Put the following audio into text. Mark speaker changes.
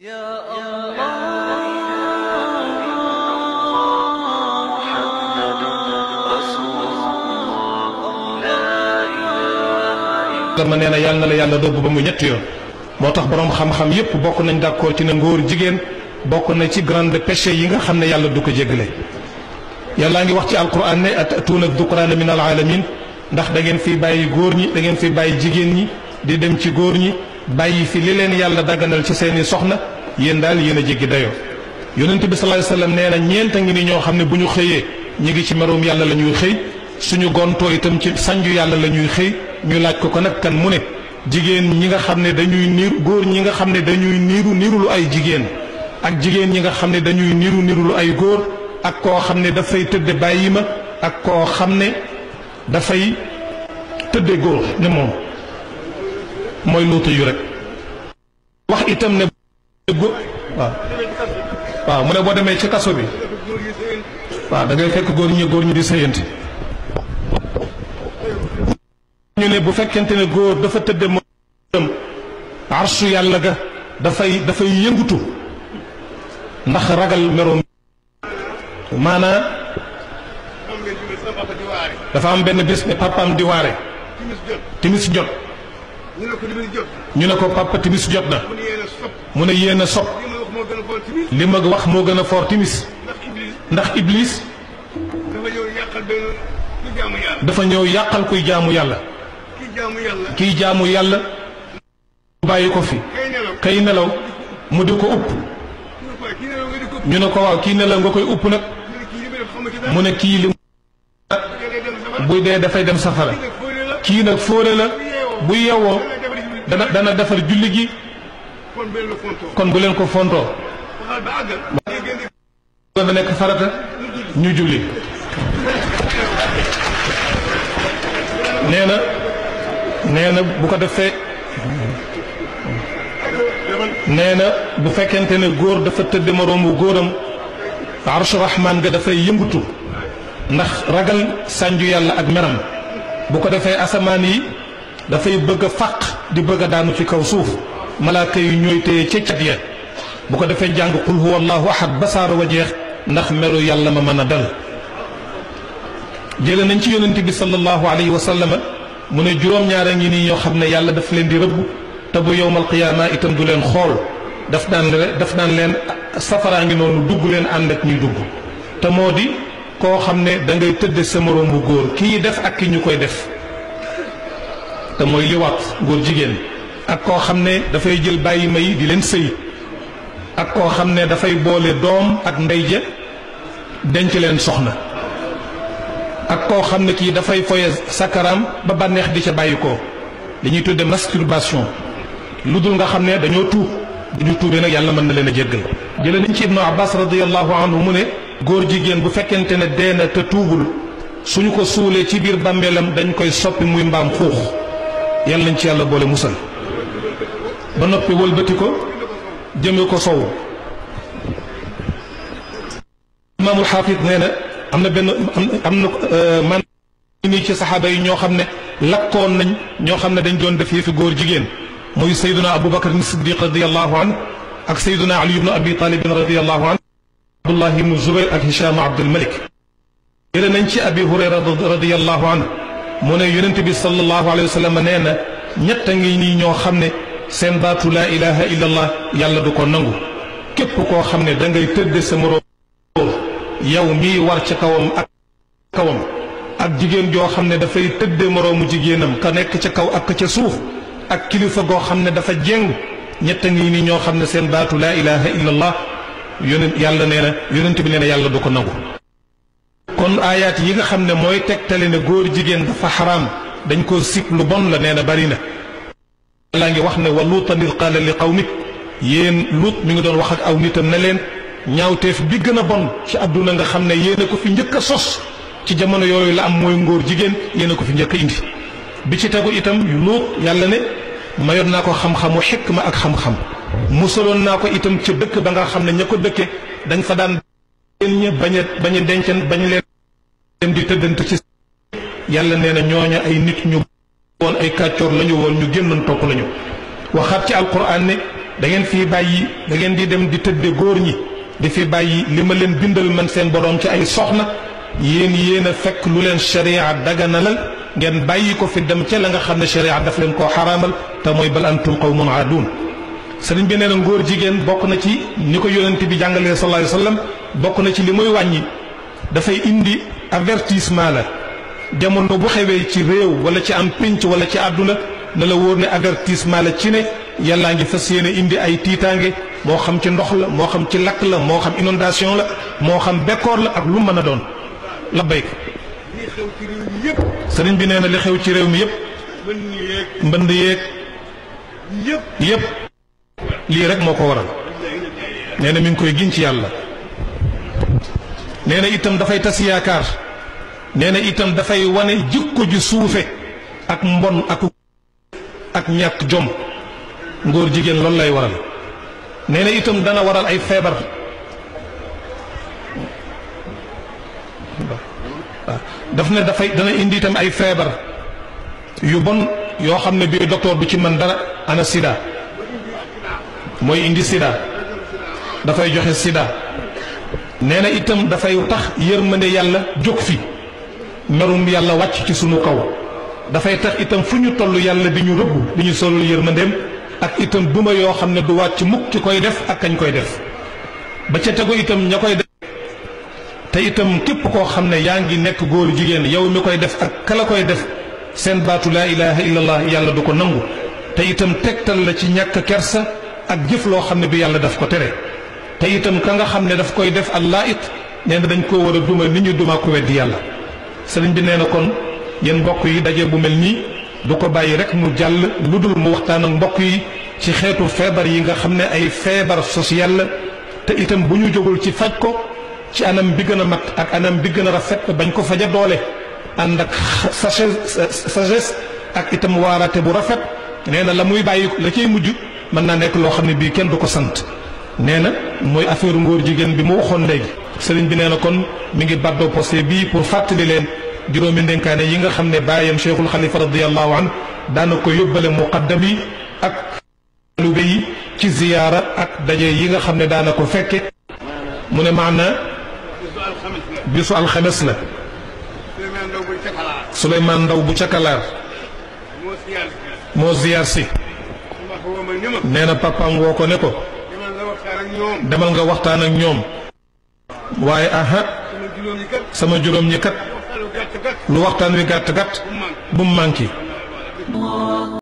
Speaker 1: ma nee na yàlla na la yàlla dóob ba mu ñetti yoon moo tax boroom xam-xam yépp bokk nañ d'accord ci ne ngóor jigéen bokk na ci grande péché yi nga xam ne yàlla du ko jéggale yàllaa ngi wax ci alquran ne atatuuna dukraana min alaalamin ndax dangeen fi bàyyi góor ñi dangeen fi bàyyi jigéen ñi di dem ci góor ñi bàyyi fi li leen yàlla dagganal ci seeni soxna yéen daal yéen a jéggi dayoo yonent bi sallallahu nee na ñeent a ngi ni ñoo xam ne bu ñu xëyee ñu ngi ci merum yàlla la ñuy xëy suñu gontoo itam ci sanju yàlla la ñuy xëy ñu laaj ko ko nag kan mu ne jigéen ñi nga xam ne dañuy niir góor ñi nga xam ne dañuy niiru niiru lu ay jigéen ak jigéen ñi nga xam ne dañuy niru niru lu ay góor ak koo xam ne dafay tëdde bàyyi ma ak koo xam ne dafay tëdde góor ne moom mooy luutu yu rek wax itam ne waaw mu ne boo demee ci kaso bi waaw dangay fekk góor ñi góor ñi di sëyanti bu fekkente ne góor dafa tëdde moom arsu yàlla ga dafay dafay yëngutu ndax ragal meroom maanaa dafa am benn bés ne papaam di timis jot ñu ne ko timis jot ñu ne ko papa timis jot na mu ne yéen sob
Speaker 2: li ma wax moo gën a fort
Speaker 1: timis ndax iblis dafa ñëw yàqal kuy jaamu yàlla kiy jaamu yàlla bàyyi ko fi kay nelaw mu di ko upp ñu ne ko waaw kii nelaw nga koy upp nag mu ne kii li buy dee dafay dem safara kii nag fóore la bu yeewoo dana defar julli gi kon bu leen ko fontoo ba nekk farata ñu julli nee na nee na bu ko defee nee na bu fekkente ne góor dafa tëdd moroomu góoram arshu rahmaan ga dafay yëngatu ndax ragal sànju yàlla ak meram bu ko defee asamaan yi dafay bëgg a fàq di bëgg a daanu ci kaw suuf malaaka yi ñooy téye ca cat ya bu ko defee jàng qul huwa allahu ahad ba wa jeex ndax meru yàlla ma mën a dal jële nañ ci yonent bi sallallahu alayhi wa sallama mu ne juróom-ñaara ngi nii ñoo xam ne yàlla daf leen di rëbb te bu yowmal qiyaama itam du leen xool daf daan daf daan leen safaraa ngi noonu dugg leen ànd ak ñuy dugg te moo di koo xam ne dangay tëdd sa moroom bu góor kii def ak ki ñu koy def te li wat góor jigen ak ko xamne da fay jël baye may di len sëy ak ko xamne da fay bolé dom ak ndeyje denc len soxna ak ko xamne ki da fay foye sakaram ba banex di ca bayiko li ñuy tudde masturbation lu nga xamne dañu tu di tuube nak yàlla man na leena jéggal jële nañ ci ibnu abbas radiyallahu anhu mu ne góor jigéen bu fekkente ne dee te tuubul suñu ko suulee ci bir bambelam dañ koy soppi muy mbam xoux yàlla nañ ci yàlla boole musal ba noppi wëlbati ko jëme ko sow imaamul xaafis nee na am na benn am na man nii ci saxaaba yi ñoo xam ne lakkoon nañ ñoo xam ne dañ doon def yëfi góor jigéen muy sayduna abou bakar ibn siddiq radiallahu an ak sayduna ali ibn abi talibin radiallahu an abdullah ibn zubair ak hicham abdul malik jële nañ ci abi hurayra radiallahu anhu mu ne yonent bi sallallahu alayhi wa sallam nee na ñett ngi nii ñoo xam ne seen baatu laa ilaha illallah yàlla du ko nangu képp koo xam ne da ngay tëdde sa moroom yow mii war ca kawam ak kawam ak jigéen joo xam ne dafay tëdde moroomu jigéenam ko nekk ca kaw ak ca suuf ak kilifa goo xam ne dafa jeng ñett a ngi nii ñoo xam ne seen baatu laa ilaha illallah yàlla nee na yonent bi nee na yàlla du ko nangu kon ayat yi nga xamne moy mooy ne góor jigéen dafa haram dañ ko sip lu bon la neena bari na la ngi wax ne wa luutan id qaala li qawmik yéen lut mi ngi don wax ak aw nitam ne len ñaawteef bi gëna bon ci aduna nga xamne ne yéen ko fi njëkk sos ci jamono yooyu la am moy ngor jigen yéen ko fi njëkk indi bi ci tagu itam lut yàlla ne mayon nako xam-xamu hikma ak xam-xam musulon nako itam ci dëkk ba nga xamne ne dëkke dañ fa daan ñe bañe bañe dencen bañ leen dem di tëddante ci yàlla nee na ñooña ay nit ñu woon ay kàccoor lañu woon ñu génnoon topp lañu waxaat ci alquran ne da ngeen fii bàyyi da ngeen di dem di tëdde góor ñi di fi bàyyi li ma leen bindal man seen boroom ci ay soxna yéen yéen a fekk lu leen sharia daganalal ngeen bàyyi ko fi dem ca la nga xam ne sharia daf leen koo xaraamal te mooy bal antum qawmun aadun sëriñ bi nee na ngóor jigéen bokk na ci ni ko yonent bi jàngalee sallallahu alayhi wa sallam bokk na ci li muy wàññi dafay indi avertissement la jamono bu xewee ci réew wala ci am pénc wala ci àdduna na la wóor ne avertissement la ci ne yàllaa ngi fas yéene indi ay tiitaange moo xam ci ndox la moo xam ci lakk la moo xam inondation la moo xam bekkoor la ak lu mën a doon la béy ko sëriñ bi nee na li xew ci réew mi yëpp mbënd yéeg yëpp lii rek moo ko waral nee na mi ngi koy gin ci yàlla nee na itam dafay tas yaakaar nee na itam dafay wane jikko ju suufe ak mbon ak ak ñàkk jom ngóor jigéen loolu lay waral nee na itam dana waral ay feebar daf ne dafay dana indi itam ay feebar yu bon yoo xam ne bii docteur du ci mën dara ana sida mooy indi sida dafay joxe sida nee na itam dafay tax yërmande yàlla jóg fi merum yàlla wàcc ci sunu kaw dafay tax itam fu ñu toll yàlla bi ñu rëbb di ñu solul yërmandeem ak itam duma yoo xam ne du wàcc mukk ci koy def ak kañ koy def ba ca tegu itam ña koy def te itam képp koo xam ne yaa ngi nekk góor jigéen yow mi koy def ak kala koy def seen baatu laa ilaha illallah yàlla du ko nangu te itam tegtal la ci ñàkk kersa ak jëf loo xam ne bi yàlla daf ko tere تيتم كنغا خم ندف كوي دف اللائط نين دن كو ورد دوما نين دوما كوي ديالا سلين بي نينا ين بقوي داجي بوملني دوكو باي رك مو موختان بقوي تي خيطو فيبر خم ني اي فيبر سوسيال تيتم بنيو جوغل تي فاكو تي انام بيغن مات رفت بانكو فجا دولي عندك سجس اك اتم وارات برفت نينا لموي باي لكي مجو من نا نيك لو خم سنت nee na mooy affaire ngóor jigéen bi mu waxoon léegi sëriñ bi nee na kon mi ngi baddoo posté bii pour fàttali leen juróomi ndénkaane yi nga xam ne bàyyam cheikhul xalifa radiallahu an daana ko yóbbale muqaddam yi ak talube yi ci ziyaara ak daje yi nga xam ne daana ko fekke mu ne maana bisu alxames la Souleymane Ndaw bu cakalaar moo ziyaar si nee na papaam woo ko ne ko demal nga waxtaan ak ñoom waaye aha sama juróom ñi kat lu waxtaan wi gàtt gàtt bu mu